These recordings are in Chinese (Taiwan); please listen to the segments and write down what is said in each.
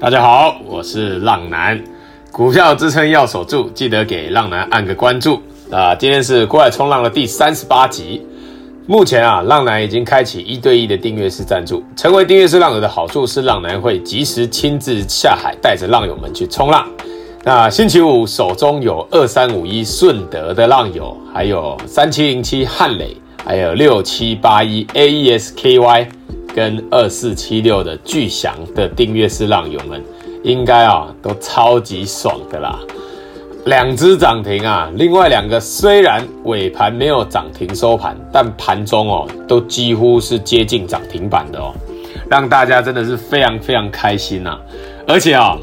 大家好，我是浪男，股票支撐要守住，記得給浪男按個關注。啊、呃，今天是股海衝浪的第三十八集。目前啊，浪男已經開啟一對一的訂閱式贊助。成為訂閱式浪友的好處是，浪男會及時親自下海，帶着浪友們去衝浪。那、呃、星期五手中有二三五一順德的浪友，還有三七零七漢磊，還有六七八一 A E S K Y。跟二四七六的鉅祥的訂閱式浪友們，應該啊都超級爽的啦！兩隻漲停啊，另外兩個雖然尾盤沒有漲停收盤，但盤中哦都幾乎是接近漲停板的哦，讓大家真的是非常非常開心吶！而且啊，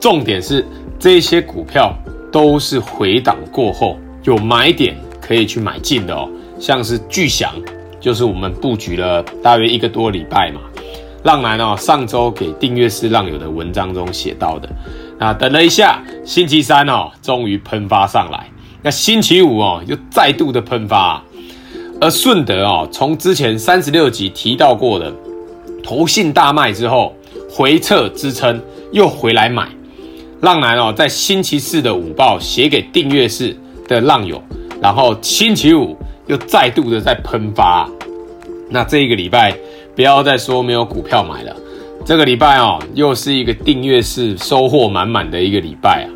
重點是這些股票都是回檔過後有買點可以去買進的哦，像是鉅祥。就是我們佈局了大約一個多禮拜嘛，浪男哦、啊，上周給訂閱式浪友的文章中寫到的，那等了一下，星期三哦，終於噴發上來，那星期五哦、啊，又再度的噴發、啊，而順德哦，從之前三十六集提到過的投信大賣之後回撤支撐又回來買，浪男哦、啊，在星期四的午報寫給訂閱式的浪友，然後星期五又再度的在噴發、啊。那這一個禮拜，不要再說沒有股票買了。這個禮拜哦，又是一個訂閱式收穫滿滿的一個禮拜啊。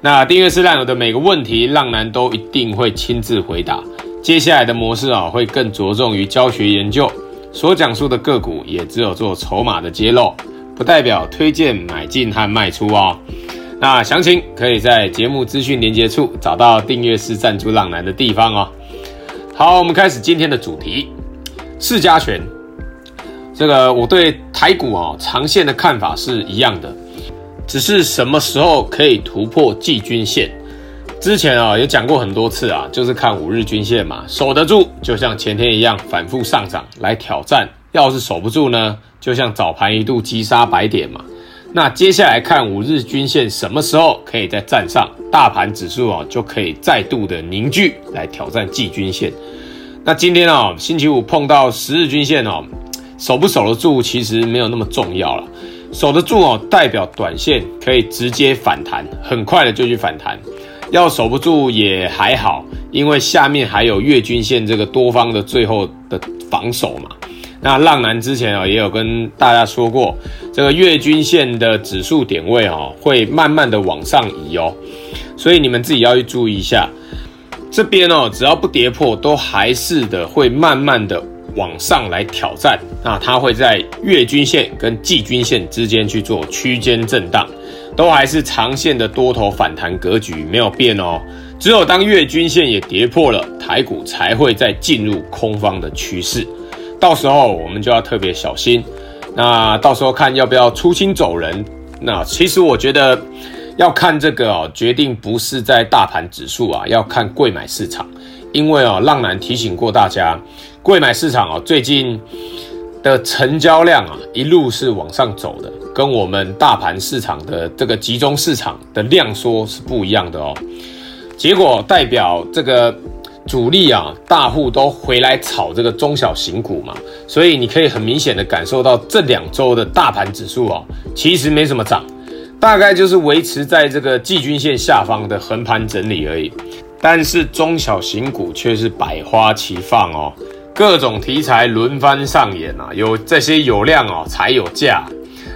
那訂閱式浪友的每個問題，浪男都一定會親自回答。接下來的模式哦，會更着重於教學研究，所講述的個股也只有做籌碼的揭露，不代表推薦買進和賣出哦。那詳情可以在節目資訊連結處找到訂閱式贊助浪男的地方哦。好，我們開始今天的主題。市加權，這個我對台股啊長線的看法是一樣的，只是什麼時候可以突破季均線？之前啊有講過很多次啊，就是看五日均線嘛，守得住就像前天一樣反覆上漲來挑戰，要是守不住呢，就像早盤一度急殺百點嘛。那接下來看五日均線什麼時候可以再站上，大盤指數啊就可以再度的凝聚來挑戰季均線。那今天啊，星期五碰到十日均線哦，守不守得住其實沒有那麼重要了。守得住哦，代表短線可以直接反彈，很快的就去反彈。要守不住也還好，因為下面還有月均線這個多方的最後的防守嘛。那浪男之前啊，也有跟大家說過，這個月均線的指數點位哦，會慢慢的往上移哦，所以你們自己要去注意一下。這邊哦，只要不跌破，都還是的會慢慢的往上來挑戰。那它會在月均線跟季均線之間去做區間震盪，都還是長線的多頭反彈格局沒有變哦。只有當月均線也跌破了，台股才會再進入空方的趨勢。到時候我們就要特別小心。那到時候看要不要出清走人。那其實我覺得。要看這個哦，決定不是在大盤指數啊，要看櫃買市場，因為哦，浪男提醒過大家，櫃買市場哦，最近的成交量啊，一路是往上走的，跟我們大盤市場的這個集中市場的量縮是不一樣的哦。結果代表這個主力啊，大戶都回來炒這個中小型股嘛，所以你可以很明顯的感受到這兩週的大盤指數啊、哦，其實沒什麼漲，大概就是維持在這個季均線下方的橫盤整理而已，但是中小型股卻是百花齊放哦，各種題材輪番上演啊，有這些有量哦才有價。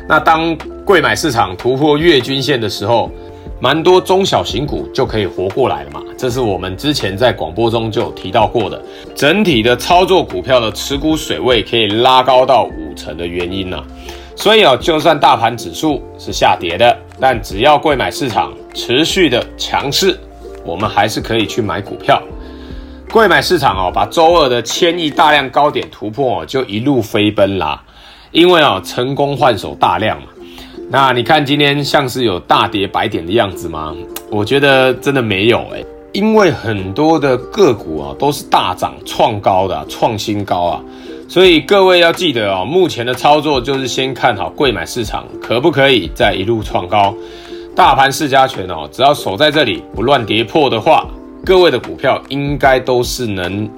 那當櫃買市場突破月均線的時候，蠻多中小型股就可以活過來了嘛，這是我們之前在廣播中就有提到過的，整體的操作股票的持股水位可以拉高到五成的原因啊。所以啊，就算大盤指數是下跌的，但只要櫃買市場持續的強勢，我們還是可以去買股票。櫃買市場把周二的千億大量高點突破就一路飛奔啦，因為啊，成功換手大量嘛。那你看今天像是有大跌百點的樣子嗎？我覺得真的沒有欸，因為很多的個股啊都是大漲創高的創新高啊。所以各位要記得哦，目前的操作就是先看好櫃買市場可不可以再一路創高，大盤市加權哦，只要守在這裡不亂跌破的話，各位的股票應該都是能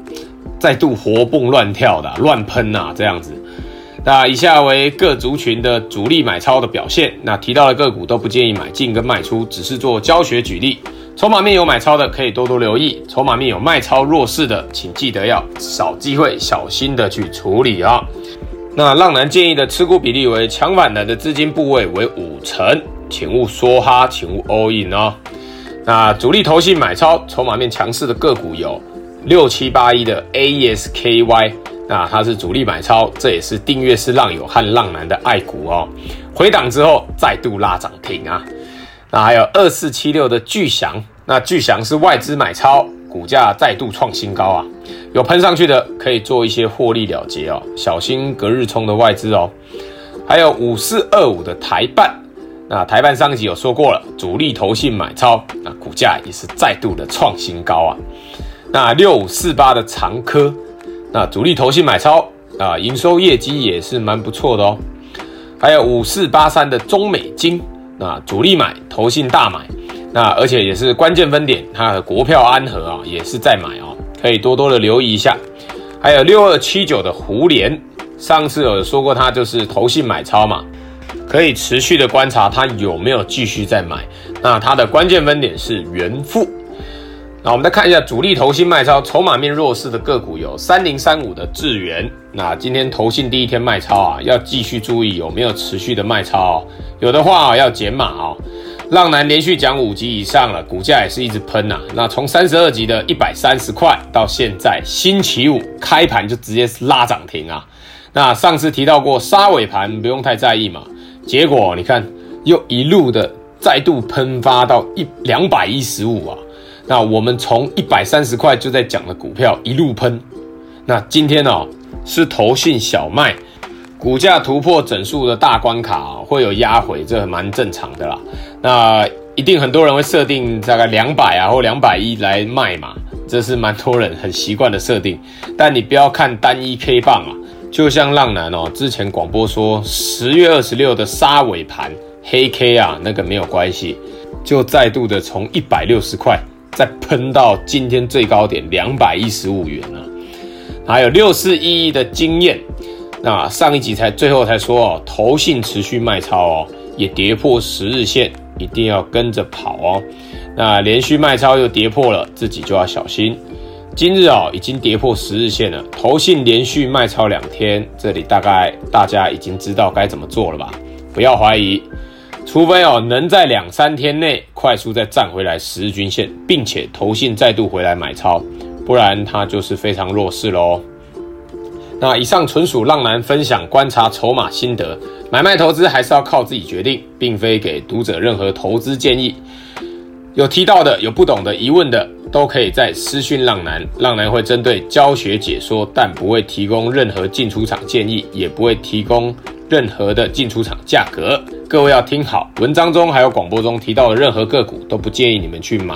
再度活蹦亂跳的，亂噴啊這樣子。那以下為各族群的主力買超的表現，那提到的個股都不建議買進跟賣出，只是做教學舉例。籌碼面有買超的可以多多留意，籌碼面有賣超弱勢的，請記得要找機會，小心的去處理啊、哦。那浪男建議的持股比例為強反彈的資金部位為五成，請勿梭哈，請勿 all in 哦。那主力投信買超籌碼面強勢的個股有六七八一的 AES-KY，那它是主力買超，這也是訂閱式浪友和浪男的愛股哦。回檔之後再度拉漲停啊。那還有二四七六的鉅祥，那鉅祥是外資買超，股價再度創新高啊，有噴上去的可以做一些獲利了結哦，小心隔日沖的外資哦。還有五四二五的台半，那台半上集有說過了，主力投信買超，那股價也是再度的創新高啊。那六五四八的長科，那主力投信買超，啊營收業績也是蠻不錯的哦。還有五四八三的中美晶。啊，主力買，投信大買，那而且也是關鍵分點，它的國票安和啊也是在買哦，可以多多的留意一下。還有六二七九的胡連，上次有說過它就是投信買超嘛，可以持續的觀察它有沒有繼續在買。那它的關鍵分點是元富。那我們再看一下主力投信賣超籌碼面弱勢的個股，有三零三五的智原。那今天投信第一天賣超啊，要繼續注意有沒有持續的賣超、哦，有的話要減碼哦。浪男連續講五集以上了，股價也是一直噴吶、啊。那從三十二集的一百三十塊到現在，星期五開盤就直接拉漲停啊。那上次提到過殺尾盤不用太在意嘛，結果你看又一路的再度噴發到一兩百一十五啊。那我們從一百三十塊就在講的股票一路噴，那今天哦是投信小賣，股價突破整數的大關卡，會有壓回，這蠻正常的啦。那一定很多人會設定大概兩百啊或兩百一來賣嘛，這是蠻多人很習慣的設定。但你不要看單一 K 棒啊，就像浪男哦之前廣播說十月二十六的殺尾盤黑 K 啊，那個沒有關係，就再度的從一百六十塊。再噴到今天最高點兩百一十五元啊。還有6411的晶炎。那上一集才最後才說哦，投信持續賣超哦，也跌破十日線，一定要跟着跑哦。那連續賣超又跌破了，自己就要小心。今日哦，已經跌破十日線了，投信連續賣超兩天，這裡大概大家已經知道該怎麼做了吧？不要懷疑。除非哦能在兩三天內快速再站回來十日均線，並且投信再度回來買超，不然它就是非常弱勢嘍。那以上純屬浪男分享觀察籌碼心得，買賣投資還是要靠自己決定，並非給讀者任何投資建議。有提到的、有不懂的疑問的，都可以在私訊浪男，浪男會針對教學解說，但不會提供任何進出場建議，也不會提供。任何的進出場價格，各位要聽好。文章中還有廣播中提到的任何個股都不建議你們去買，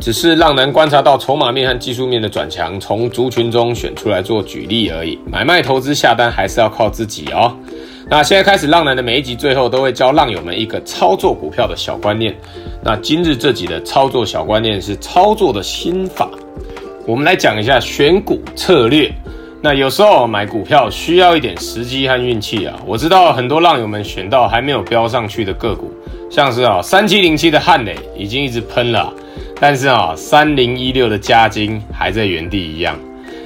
只是浪男觀察到籌碼面和技術面的轉強，從族群中選出來做舉例而已。買賣投資下單還是要靠自己哦。那現在開始，浪男的每一集最後都會教浪友們一個操作股票的小觀念。那今日這集的操作小觀念是操作的心法，我們來講一下選股策略。那有時候買股票需要一點時機和運氣啊。我知道很多浪友們選到還沒有飆上去的個股，像是啊三七零七的漢磊已經一直噴了，但是啊三零一六的嘉晶還在原地一樣。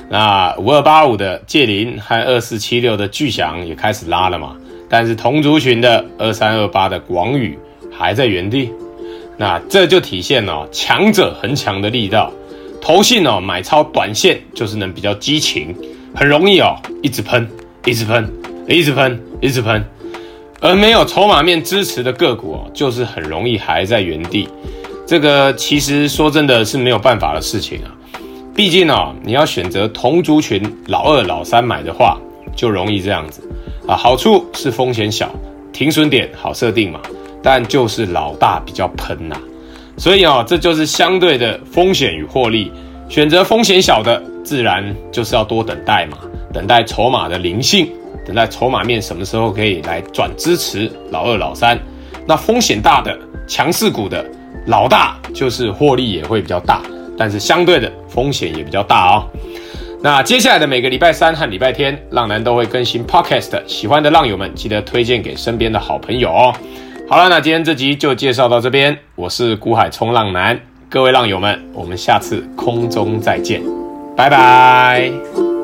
那五二八五的界霖和二四七六的鉅祥也開始拉了嘛，但是同族群的二三二八的廣宇還在原地。那這就體現了強者恆強的力道。投信哦買超短線就是能比較激情。很容易哦，一直噴，一直噴，一直噴，一直噴，而沒有籌碼面支持的個股哦，就是很容易還在原地。這個其實說真的是沒有辦法的事情啊，畢竟哦，你要選擇同族群老二、老三買的話，就容易這樣子啊。好處是風險小，停損點好設定嘛，但就是老大比較噴吶，所以啊，這就是相對的風險與獲利，選擇風險小的。自然就是要多等待嘛，等待籌碼的靈性，等待籌碼面什麼時候可以來轉支持老二、老三。那風險大的強勢股的老大，就是獲利也會比較大，但是相對的風險也比較大哦。那接下來的每個禮拜三和禮拜天，浪男都會更新 podcast，喜歡的浪友們記得推薦給身邊的好朋友哦。好了，那今天這集就介紹到這邊，我是股海衝浪男，各位浪友們，我們下次空中再見。拜拜。